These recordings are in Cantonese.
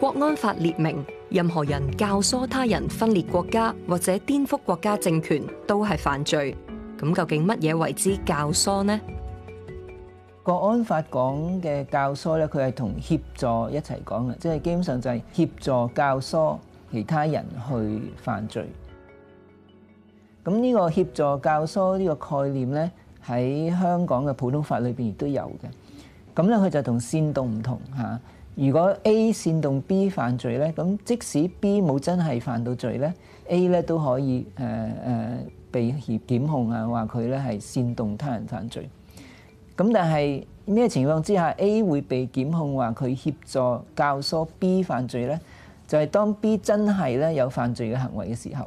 國安法列明，任何人教唆他人分裂國家或者顛覆國家政權都係犯罪。咁究竟乜嘢為之教唆呢？國安法講嘅教唆咧，佢係同協助一齊講嘅，即係基本上就係協助教唆其他人去犯罪。咁呢個協助教唆呢個概念咧，喺香港嘅普通法裏邊亦都有嘅。咁咧，佢就同煽動唔同吓。如果 A 煽動 B 犯罪呢，咁即使 B 冇真係犯到罪呢，A 咧都可以誒誒、呃呃、被檢控啊，話佢咧係煽動他人犯罪。咁但係咩情況之下 A 會被檢控話佢協助教唆 B 犯罪呢，就係、是、當 B 真係咧有犯罪嘅行為嘅時候，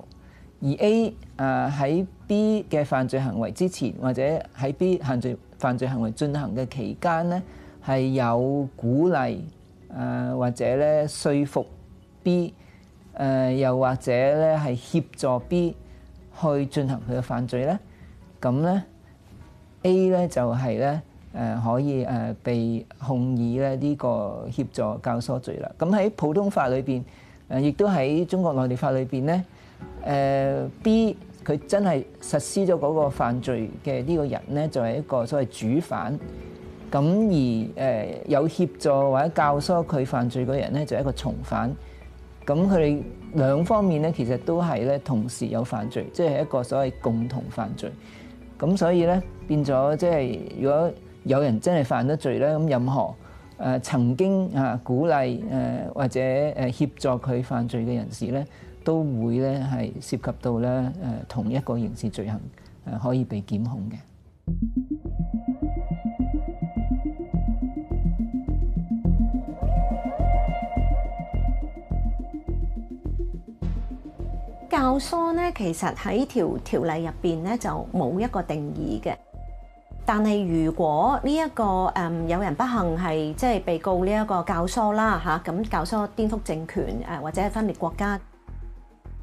而 A 誒、呃、喺 B 嘅犯罪行為之前，或者喺 B 犯罪犯罪行為進行嘅期間呢，係有鼓勵。誒或者咧説服 B 誒又或者咧係協助 B 去進行佢嘅犯罪咧，咁咧 A 咧就係咧誒可以誒被控以咧呢個協助教唆罪啦。咁喺普通法裏邊，誒亦都喺中國內地法裏邊咧，誒 B 佢真係實施咗嗰個犯罪嘅呢個人咧，就係一個所謂主犯。咁而誒有協助或者教唆佢犯罪嘅人咧，就係一個從犯。咁佢哋兩方面咧，其實都係咧同時有犯罪，即係一個所謂共同犯罪。咁所以咧變咗，即係如果有人真係犯咗罪咧，咁任何誒曾經啊鼓勵誒或者誒協助佢犯罪嘅人士咧，都會咧係涉及到咧誒同一個刑事罪行誒可以被檢控嘅。教唆咧，其實喺條條例入邊咧就冇一個定義嘅。但係如果呢一個誒有人不幸係即係被告呢一個教唆啦嚇，咁教唆顛覆政權誒或者係分裂國家。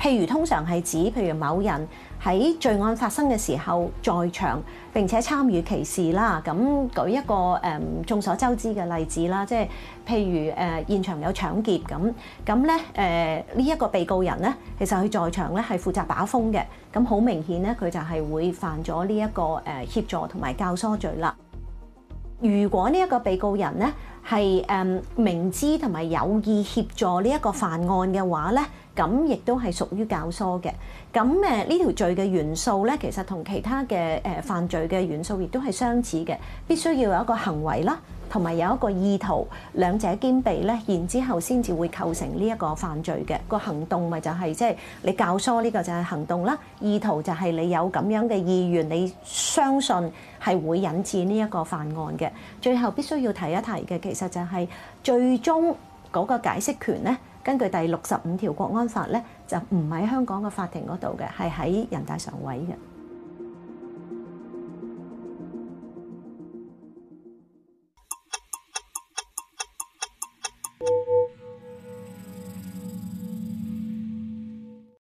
譬如通常係指譬如某人喺罪案發生嘅時候在場並且參與其事啦。咁舉一個誒、嗯、眾所周知嘅例子啦，即、就、係、是、譬如誒、呃、現場有搶劫咁咁咧，誒呢一個被告人咧，其實佢在場咧係負責把風嘅，咁好明顯咧佢就係會犯咗呢一個誒、呃、協助同埋教唆罪啦。如果呢一個被告人咧係誒明知同埋有意協助呢一個犯案嘅話咧。咁亦都係屬於教唆嘅。咁誒呢條罪嘅元素咧，其實同其他嘅、呃、犯罪嘅元素亦都係相似嘅。必須要有一個行為啦，同埋有一個意圖，兩者兼備咧，然之後先至會構成呢一個犯罪嘅、嗰個行動、就係，咪就係即係你教唆呢個就係行動啦。意圖就係你有咁樣嘅意願，你相信係會引致呢一個犯案嘅。最後必須要提一提嘅，其實就係、係、最終嗰個解釋權咧。根據第六十五條國安法咧，就唔喺香港嘅法庭嗰度嘅，係喺人大常委嘅。